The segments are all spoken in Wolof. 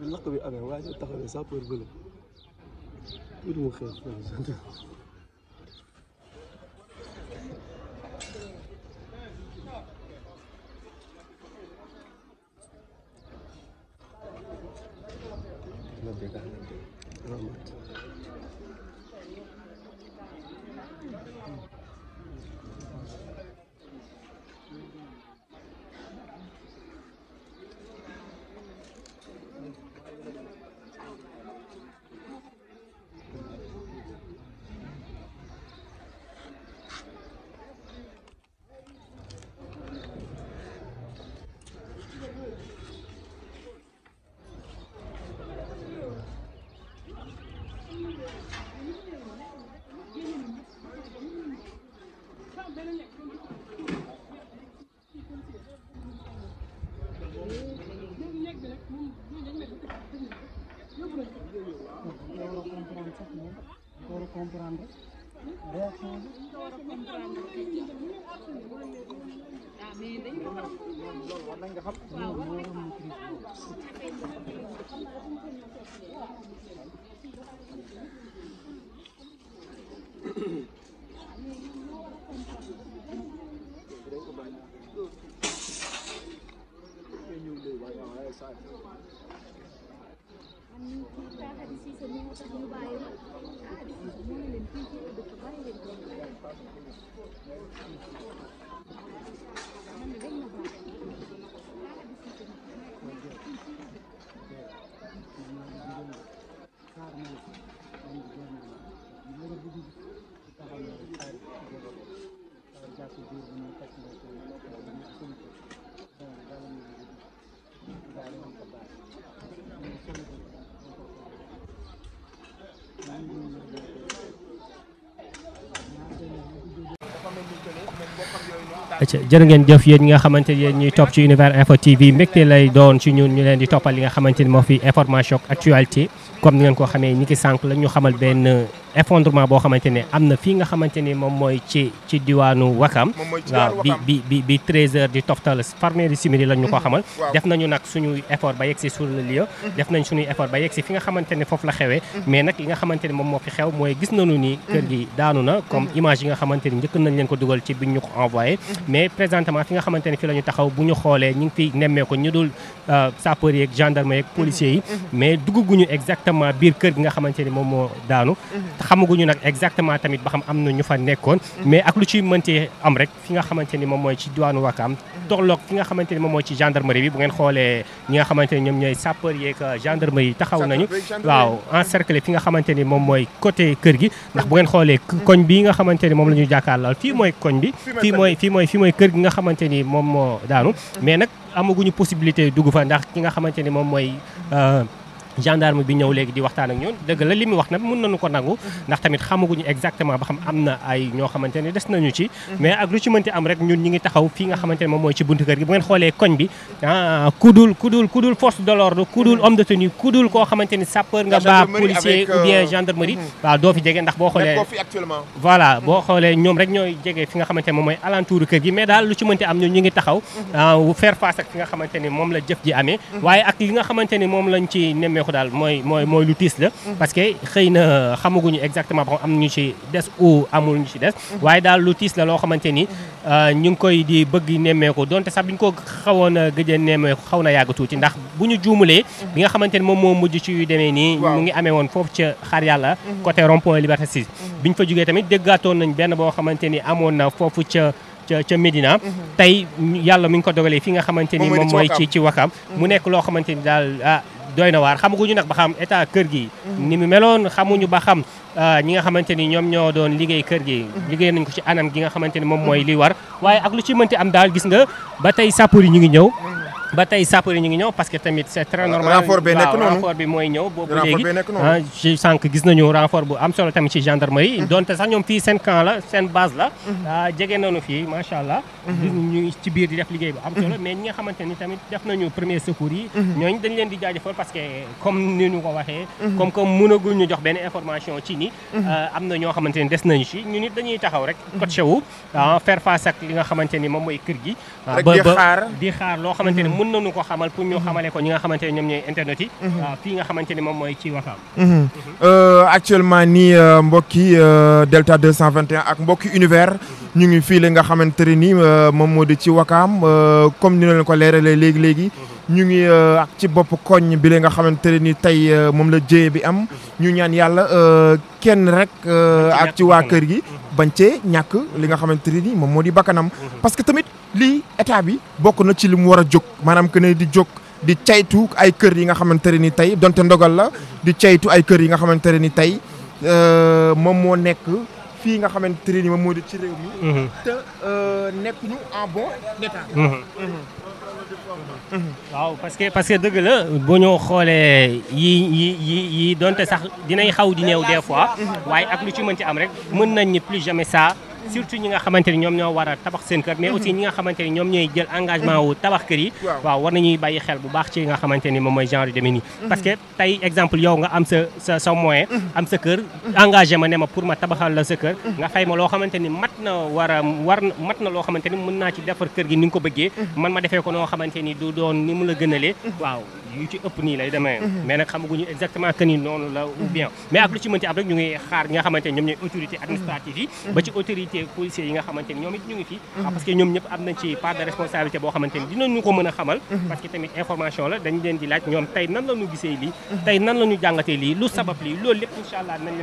bi lakk bi amee waa ji taxawee sapeur bële tuuti mu xeex Thank you. side. Thank you. jërë ngeen jëf yéen ñi nga xamante yéen ñuy topp ci Univers Info TV mbégte lay doon ci ñu ñu leen di toppal li nga xamante ni moo fi information actualité comme ni ngeen ko xamee ñi ki sànq la ñu xamal benn euh, effondrement boo xamante am na fii nga xamante ni moom mooy ci ci diwaanu Wakam waaw bi bi bi bi 13 heures di toftal farmeeri simili la ñu ko mhm. xamal def nañu nag suñuy effort ba yegsi sur le lieu mhm. def nañ suñuy effort ba yegsi fi nga xamante ne foofu la xewee mhm. mais nag yi nga xamante ne moom moo fi xew mooy gis nañu ni kër gi daanu na comme image yi nga xamante ni njëkk nañ leen ko dugal ci biñ ñu ko envoyé mais présentement fi nga xamante ne fi la ñu taxaw bu ñu xoolee ñu ngi fi nemmee ko ñu dul euh, sapeurs yeeg gendarme yeeg policiers yi mais dugguguñu exactement exactement biir kër gi nga xamante ni moom moo daanu mhm. xamaguñu nag exactement tamit ba xam am na ñu fa nekkoon mhm. mais ak lu ci mënti am rek fi nga xamante ni moom mooy ci kër gi ndax bu ngeen xoolee koñ bi nga xamante ni moom mooy daanu mhm. mais nag amaguñu possibilité dugg fa ndax ki nga xamante ni moom mooy euh, gendarme bi ñëw léegi di waxtaan ak ñun dëgg la li mu wax nag mën nañu ko nangu ndax tamit xamaguñu exactement ba xam am na ay ñoo xamante des nañu ci mais ak lu ci mënti am nga xamante ne ou bien euh, gendarmerie mm-hmm. waaw doo fi jege ndax boo xoolee voilà boo xoolee ñoom rek ñooy jege fi nga xamante ne mooy alentour kër gi mais daal lu ci mënti am ñun ñu ngi taxaw mm-hmm. ah, faire face ak fi nga xamante moom la jëf ji amee mm-hmm. waaye ak li nga xamante moom lañ kooku daal mooy mooy lu tiis la. Mhm. parce que xëy na xamaguñu exactement ba am ñu ci des ou amul ñu ci des. Mhm. waaye daal lu tiis la loo xamante ni mhm. euh, ñu ngi koy di bëgg nemmeeku dont sax bi ñu ko xawoon a gëj a xaw na yàgg tuuti ndax bu ñu juumulee. bi nga xamante ni moom moo mujj ci yu demee nii. mu ngi amee woon foofu ca xaar yàlla. côté rond point Liberté 6. bi ñu fa jugee tamit déggaatoon nañ benn boo xamante ni amoon na foofu ca. ca ca Médina tey yàlla mi ngi ko dogalee fi nga xamante ni moom mooy ci ci Wakam mu nekk doy na waar xamaguñu nag ba xam état kër gi. Mhm. ni mu meloon xamuñu ba xam euh, ñi nga xamante ni ñoom ñoo doon liggéey kër gi. Mhm. liggéey nañ ko ci anam gi nga xamante ni moom mooy li war waaye ak lu ci mënti am daal gis nga ba tey sapeurs ñu ngi ñëw. Mhm. ba tey sapeur yi ñu ngi ñëw parce que tamit c' très euh, normal bi mooy ñëw boobu léegi ah, sànq gis nañu renfort bu am solo tamit ci gendarmerie mm-hmm. donte sax ñoom fii seen camp la seen base la mm-hmm. ah, jege nañu fii macha allah mm-hmm. gis ñu ci biir di ni ñu ah, na ñoo xamante ni des nañu nit dañuy taxaw rek coaché wu faire face ak li nga xamante ni moom mooy kër gi ba di xaar loo xamante ni mën nañu ko xamal pour ñu mhm. xamale ko ñi nga xamante ne ñoom ñooy internet yi. Mhm. Ah, fii nga xamante ne moom mooy ci Wakaam. Mhm. Euh, actuellement nii euh, mbokki euh, Delta 221 ak mbokki univers ñu ngi fii la nga xamante ne nii moo di ci Wakaam comme ni leen ko leeralee léegi léegi. ñu ngi euh, ak ci bopp koñ bi la nga xamante ne ni tey euh, moom la jéye bi am mhm. ñu ñaan yàlla euh, kenn rek ak ci waa kër gi mhm. bañ cee ñàkk li nga xamante ne ni moom moo di bakkanam mhm. parce que tamit lii état bi bokk na ci li mu war a jóg maanaam que ne di jóg di caytu ay kër yi nga xamante ne ni tey donte ndogal la di caytu ay kër yi nga xamante ne ni tey moom moo nekk fii nga xamante ne ni moom moo di ci réew mi te nekk ñu en bon état waaw parce que parce que dëgg la bu ñu xoolee yii yi yii yi donte sax dinay xaw di ñëw des fois waaye ak lu ci ci am rek mën nañ ni plus jamais ça surtout ñi nga xamante ni ñoom ñoo a tabax seen kër mais mhm. aussi ñi nga xamante ni ñoom ñooy jël engagement wu tabax kër yi waaw war nañuy bàyyi xel bu baax ci nga xamante ni moom mooy genre yu demee nii mhm. parce que tey exemple yow nga am sa sa sa mhm. am sa kër engagé ne ma pour ma tabaxal la sa kër nga fay ma loo xamante ni mat na war a war mat na loo xamante ni mën naa ci defar kër gi ni nga ko bëggee man ma defee ko noo xamante ni du doon ni mu la gënalee waaw yu ci ëpp nii lay demee mais nag xamaguñu exactement que ni noonu la ou bien mais ak lu ci ñu ngi xaar ñi nga xamante ni ñoom ñooy autorité administrative yi ba policier yi nga xamante ñoom it ñu ngi fi mhm. ah, parce que ñoom ñëpp am nañ ci part de responsabilité boo xamante ni dinañu ko mën a xamal mhm. parce que tamit information la dañ leen di laaj ñoom tey nan la ñu gisee lii mhm. tey nan la ñu jàngatee lii lu sabab lii loolu leen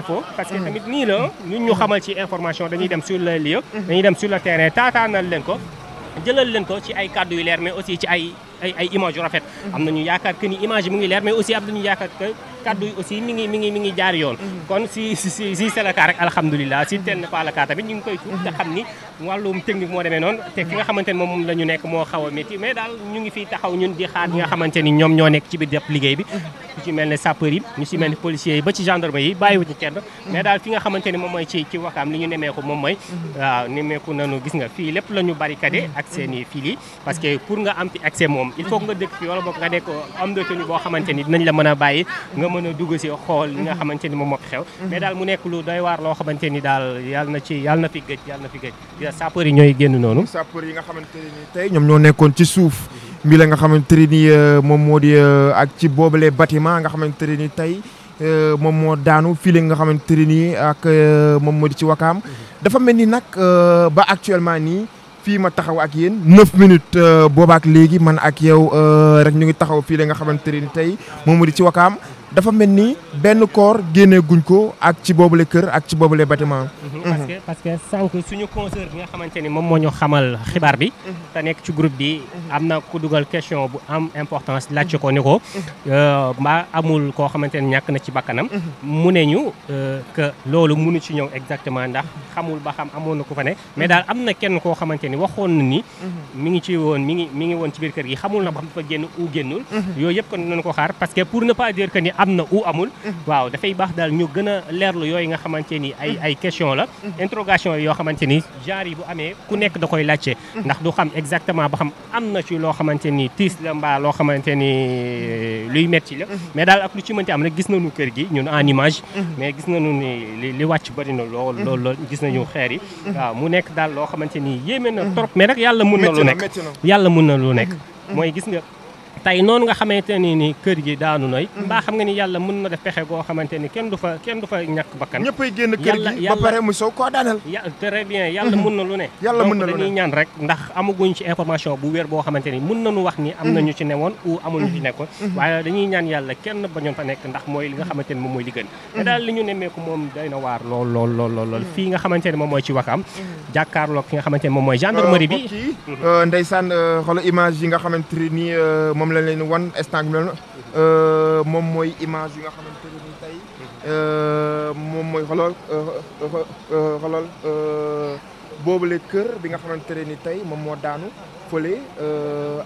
Info parce que tamit nii la ñun ñu xamal ci information dañuy dem sur le lieu dañuy dem sur le terrain taataanal leen ko jëlal leen ko ci ay kàddu yu leer mais aussi ci ay image yu rafet kaddu yi aussi mi ngi mi ngi mi ngi jaar yoon mhm. kon si si si c'est si tel n'est pas le tamit ñu ngi koy tuut mhm. te xam ni wàllum technique moo demee noonu te ki nga xamante moom la ñu nekk moo xaw a métti mais daal ñu ngi fiy taxaw ñun di xaar ñi nga mhm. xamante ni ñoom ñoo nekk ci biir ci mel ni ñu nemeeku moom mooy waaw nemeeku nanu gis nga fii lépp la ñu barricadé ak seen i fii parce que pour nga am fi accès moom il faut nga dëkk fi wala boog nga nekk homme de boo xamante ni la mën a bàyyi mën a dugg si xool li nga mhm. xamante ni moom moo fi xew mhm. mais daal mu nekk lu doy waar loo xamante ni daal yàlla na ci yàlla na fi gëj yàlla na fi gëj sapeur yi ñooy génn noonu sapeur yi nga xamante ni tey ñoom ñoo nekkoon ci suuf mhm. mbi la nga xamante ni euh, moom moo di euh, ak ci boobale bâtiment nga xamante ni tey euh, moom moo daanu fii nga xamante ni ak moom moo di ci wakaam dafa mel ni nag ba actuellement nii fii ma taxaw ak yéen neuf minutes boobaak léegi man ak yow rek ñu ngi taxaw fii la nga xamante ni tey moom moo di ci wakaam dafa mel ni benn koor génnee guñ ko ak ci boobule kër ak ci boobule bâtiment. Mhm. parce que parce que sànq suñu conseiller bi nga xamante ni moom moo ñu xamal xibaar bi. Mhm. te nekk ci groupe bi mhm. am na ku dugal question bu am importance laajte ko ni ko. Euh, mbaa amul koo xamante ni ñàkk na ci bakkanam. mu ne ñu euh, que loolu munu ci ñëw exactement ndax xamul ba xam amoon na ku fa ne. mais daal am na kenn koo xamante ni waxoon na ni. mu ngi ci woon mi ngi mi ngi woon ci biir kër gi xamul na ba xam dafa am na ou amul waaw dafay baax daal ñu gën a leerlu yooyu nga xamante ni ay ay question la interrogation yoo xamante ni genre yi bu amee ku nekk da koy laajte ndax du xam exactement ba xam am na ci loo xamante ni tiis la mbaa loo xamante ni euh, luy metti la mais daal ak lu ci mënti am na gis na nañu kër gi ñun en animage mais gis nañu ni li wàcc bëri na lool gis nañu xeer yi waaw mu nekk daal loo xamante ni yéeme na trop mais nag yàlla mun na lu nekk yàlla mun na lu nekk mooy gis nga tey noonu nga xamante ni ni kër gi daanu noy mhm. mbaa xam nga ni yàlla mën na def pexe goo xamante ni kenn du fa kenn du fa ñàkk bakkan ñëppay génn kër gi ba pare mu sow mhm. mhm. ni moom mooy li te daal li ñu moom day na waar lool lool lool fii nga xamante moom mooy ci Wakam jàkkaarloog ki nga xamante moom mooy gendarmerie bi euh, euh, ndeysaan euh, xoolal image nga xamante ni moom la leen wan instant euh, moom mooy image yi nga xamante ne ni tey euh, moom mooy xoolal euh, xoolal boobule kër bi nga xamante ne ni tey moom moo daanu fële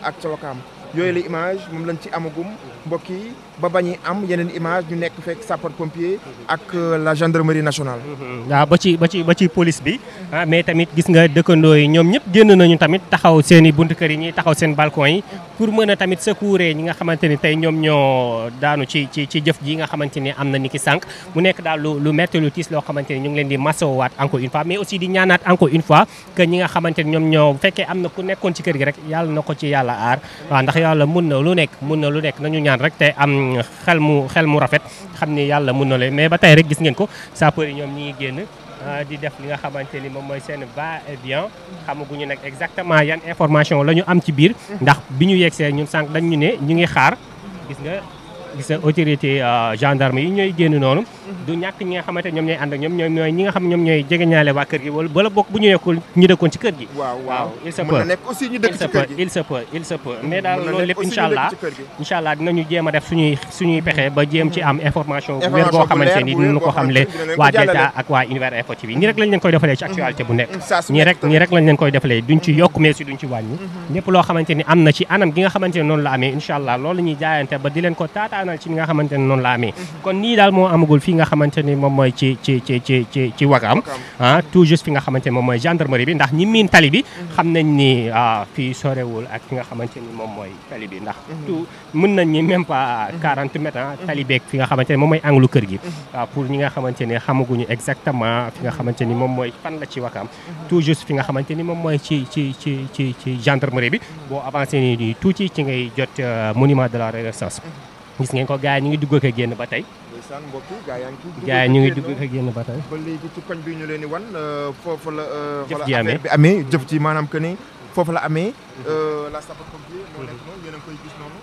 ak Sokone yooyu la image moom lañ ci amagum mbokk yi ba bañi am yeneen image ñu nekk fekk sapeur pompier ak euh, la gendarmerie nationale mm-hmm. waaw ba ci ba ci ba ci police bi ah mais tamit gis nga dëkkandoo yi ñoom ñëpp génn nañu tamit taxaw seeni i buntu kër yi ñuy taxaw seen balcon yi pour mën a tamit secourer ñi nga xamante ni tey ñoom ñoo daanu ci ci ci jëf ji nga xamante ni am na ni ki sànq mu nekk daal lu lu metti lu tiis loo xamante ni leen di masawaat encore une fois mais aussi di ñaanaat encore ñoom ñoo fekkee am na ku nekkoon ci kër gi rek yàlla ko yàlla mun na lu nekk mun na lu nekk nañu ñaan rek te am xel mu xel mu rafet xam ni yàlla mun na leen mais ba tay rek gis ngeen ko sapeur yi ñoom ñi ngi génn ah, di def ni nga xamante ni moom mooy seen va et bien xamaguñu nag exactement yan information lañu am ci biir mm-hmm. ndax bi ñu yegsee ñun sànq dañ ñu ne ñu ngi xaar gis nga gis autorité euh, gendarme yi ñooy génn noonu mhm. du ñàkk ñi nga xamante ñoom ñooy ànd ñi nga a ba jéem ci mhm. am information bu wér boo xamante ni dinañu ko xamle waa DELTA ak waa Univers Info TV mhm. mm, ñi am na ci anam gi nga xamante noonu la amee incha allah loolu ñuy jaayante ba di leen ko taata ñaanal ci nga xamante ne la amee kon nii daal moo amagul fii nga xamante ni moom mooy ci ci ci ci ci ci Wakaam ah tout juste fi nga xamante ni moom mooy gendarmerie bi ndax ñi miin tali bi xam nañ ni ah, fii sorewul ak fi nga xamante ni moom mooy tali bi ndax mhm. tout mën nañ ni même pas 40 mhm. mètres ah, mhm. tali beeg fi nga xamante ni moom mooy lu kër gi ah, pour ñi nga xamante ni xamaguñu exactement fi nga xamante ni moom mooy fan la ci Wakaam tout juste fi nga xamante ni moom mooy ci ci ci ci ci gendarmerie bi boo avancé nii tuuti ci ngay jot euh, monument de la Renaissance gis ngeen ko gars yi ñu ngi dugg ak génn ba tey. ndeysaan mbokk gars yaa ngi ngi dugg ak génn ba tey. ba léegi ci koñ bi ñu leen di wan euh, foofu la. Euh, jëf ji bi amee jëf ci maanaam que ni foofu la amee. Euh, la sapeur pompier koy gis noonu.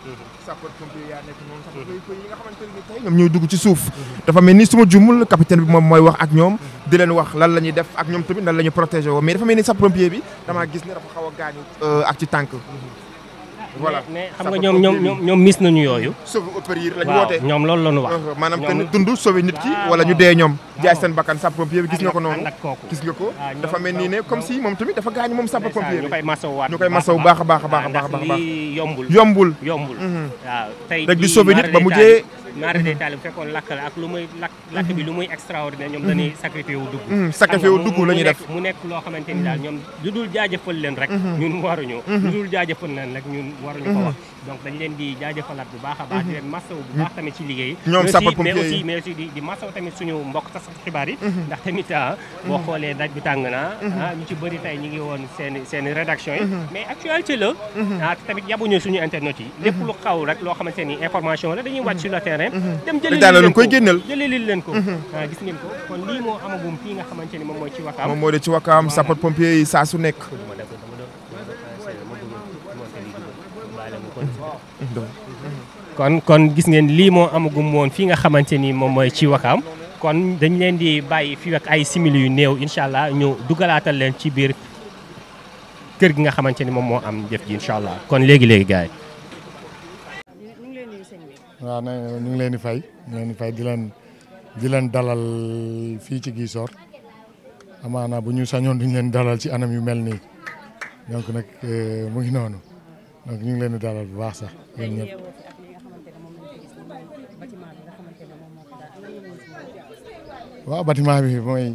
nga xamante dugg ci suuf. dafa mel ni suma jumul capitaine bi moom mooy wax ak ñoom. di leen wax lan la ñuy def ak ñoom tamit lan la ñuy protéger woo mais dafa mel ni sapeur pompier bi dama gis ne dafa xaw a gaañu ak ci tànk voilà mais xam nga ñoom ñoom ñoom mis nañu yooyu. sauver opérir lañ woote ñoom loolu la uh-huh, ñu wax. maanaam kenn dund sauver nit ki wala ñu dee ñoom. jaay seen bakkan sapeurs-pompiers bi gis nga ko noonu. gis nga ko ah, dafa mel nii ne comme si moom tamit dafa gaañ moom sapeurs-pompiers bi. ñu koy masawu waat ñu baax a baax a baax a baax. yombul yombul. yombul mm-hmm. waaw tey rek di sauver ba mujjee maara day taali bu fekkoon lakk la ak lu muy lakk lakk bi lu muy extraordinaire ñoom dañuy sacrifié wu dugg mm-hmm. sacrifié wu dugg la def mu nekk loo xamante ni daal ñoom lu dul leen rek mm-hmm. ñun waruñu mm-hmm. lu dul jaajëfal leen rek ñun waruñu ko wax donc dañ leen di jaajëfalaat bu baax a baax di leen masaw bu baax tamit ci liggéey ñoom sapeurs-pompiers mais aussi mais aussi di di masaw tamit suñu mbokk tas xibaar yi ndax tamit ah, boo xoolee daj bi tàng na ah, ñu ci bëri tey ñu ngi woon seen seen rédaction yi mais actualité la ah tamit yabuñu suñu internet yi lépp lu xaw rek loo ni information la dañuy wàcc sur le terrain terrain mhm. dem jëlil koy génnal jëlilil leen mhm. ah, ko kon lii moo amagum fii nga xamante ni moom mooy ci wakaam moom moo ci wakaam sapeur pompier saa su nekk kon kon gis ngeen lii moo amagum fii nga xamante ni moom mooy ci wakaam kon dañ leen di bàyyi fii ak ay simili yu néew incha allah ñu dugalaatal leen ci biir kër gi nga xamante ni moom moo am jëf ji incha allah kon léegi léegi gars yi waaw ñu ngi leen di fay ñu leen di di leen di leen dalal fii ci Gisor amaana bu ñu sañoon duñ leen dalal ci anam yu mel nii donc nag euh, mu ngi noonu ñu ngi leen di dalal bu baax sax waaw bâtiment bi mooy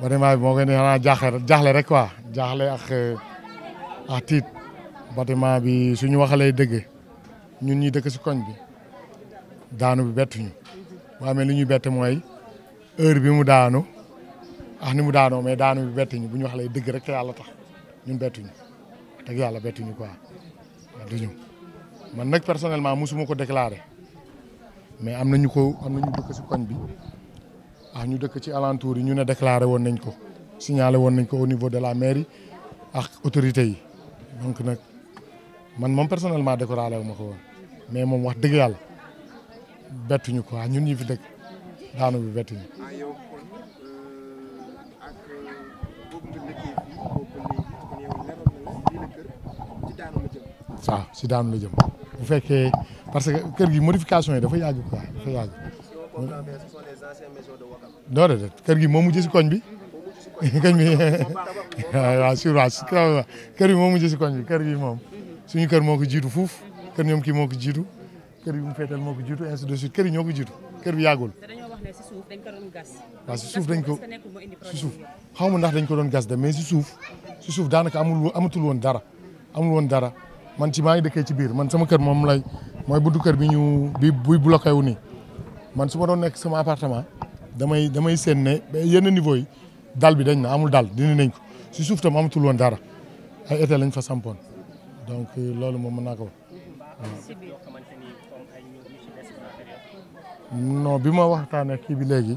bâtiment bi moo koy ne xanaa jaaxle jaaxle rek waa jaaxle ak euh, ak tiit bâtiment bi suñu waxalee dëgg. ñun ñi dëkk si koñ bi daanu bi bettuñu bu amee li ñuy bett mooy heure bi mu daanu ax ah, ni mu daanoo mais daanu bi bettuñu bu ñu wax lay dëgg rek te yàlla tax ñun bettuñu teg yàlla bettuñu ko waaw man nag personnellement mosuma ko déclaré mais am na ñu ko am na ñu dëkk si koñ bi ax ah, ñu dëkk ci alentour yi ñu ne déclaré woon nañ ko signalé woon nañ ko au niveau de la mairie ak autorité yi donc nag man moom personnellement déclaré wu ma ko woon mais moom wax dëgg yàlla bettuñu quoi ñun ñi fi dëkk daanu bi bettuñu. waaw si daanu la jëm bu fekkee parce que kër gi modification yi dafa yàgg quoi dafa yàgg. non de kër gi moom mujj si koñ bi. koñ bi waaw waaw si mujj si koñ bi kër gi moom suñu kër moo ko jiitu fuuf. kër ñoom kii moo ko jiitu kër yu mu feetal moo ko jiitu ainsi kër ñoo ko jiitu kër bi yàggul. waaw si suuf dañ ko si suuf xaw ma ndax dañ ko doon gas mais si suuf suuf daanaka amul amatul woon dara amul woon dara man ci maa ngi dëkkee ci biir man sama kër moom lay mooy buddu kër bi ñu bi buy bloqué wu nii man su ma doon nekk sama appartement damay damay seen ne yenn niveau yi dal bi dañ na amul dal dindi nañ ko si suuf tam amatul woon dara ay été lañ fa sampoon donc loolu moom mën naa ko non bi ma waxtaanee kii bi léegi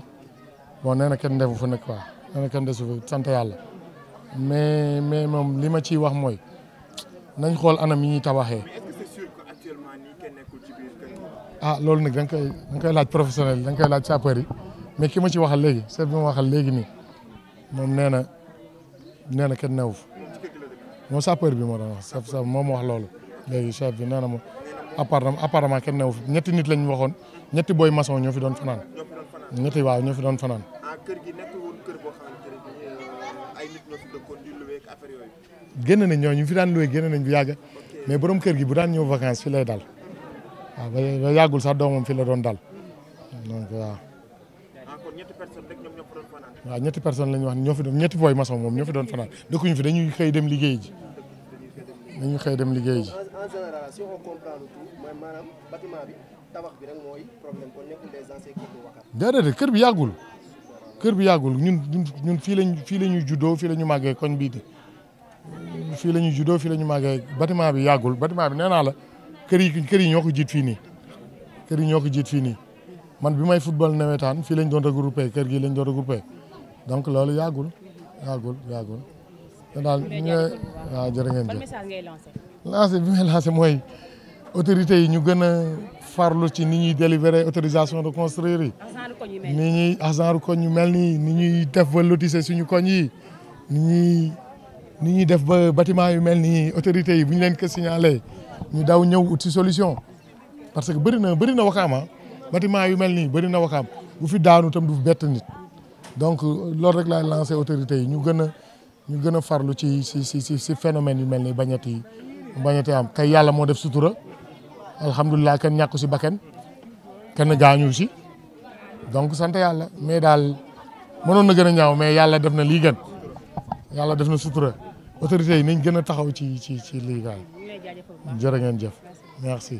bon nee na kenn defu fa nekk quoi nee na kenn desu fa sant yàlla mais mais moom li ma ciy wax mooy nañ xool anam mi ñuy tabaxee ah loolu nag da nga koy da koy laaj professionnel da nga koy laaj sapeur yi mais ki ma ci waxal léegi seet bi ma waxal léegi nii moom nee na nee na kenn newu moo moom sapeur bi moo doon wax sa moom wax loolu léegi chef bi nee na ma appartement appartement kenn newu fi ñetti nit lañ waxoon ñetti booy maçon ñoo fi doon fanaan ñetti waaw ñoo fi doon fanaan ah, euh, génn nañ ñoo ñu fi daan luwee génn nañ bu yàgg mais borom kër gi bu daan ñëw vacances fi lay dal waaw ah, ba yàggul sax doomam fi la doon dal donc waaw ah, waaw ñetti personne la ñu wax ñoo fi doon ñetti boy maçon moom ñoo fi doon fanaan dëkkuñu fi dañuy xëy dem liggéey dañu xëy dem liggéey ji. kër bi yàggul kër bi yàggul ñun ñun fii lañ fii la ñu juddoo fii lañu ñu màggee koñ bii di fii la ñu fii lañu ñu màggee bi yàggul bâtiment bi nee naa la kër yi kër yi ñoo ko jiit fii nii kër yi ñoo ko jiit fii nii man bi may football nawetaan fii lañ doon regroupé kër gi lañ doon regroupé donc loolu yàggul yàggul yàggul. daal waaw jërë ngeen jëf lancé bi may lancé mooy autorités yi ñu gën a farlu ci ni ñuy délivrer autorisation de construire yi ni ñuy agenre koñ mel nii ni ñuy def ba lotisser suñu koñ yi ni ñuy ni ñuy def ba bâtiment yu mel nii autorités yi bu ñu leen ko signalé ñu daw ñëw ut si solution parce que bëri na bëri na waxaama ah. bâtiment yu mel nii bëri na waxaam bu fi daanu tam du bett nit donc loolu rek laay lancé autorités yi ñu gën a ñu gën a farlu ci si si si si phénomène yu mel ni bañati bañati am kay yàlla moo def sutura alhamdulilah kenn ñàkku si bakkan kenn gaañu si donc sant yàlla mais daal mënoon na gën a ñaaw mais yàlla def na lii gën yàlla def na sutura autorités yi niñ gën a taxaw ci ci ci lii gaay si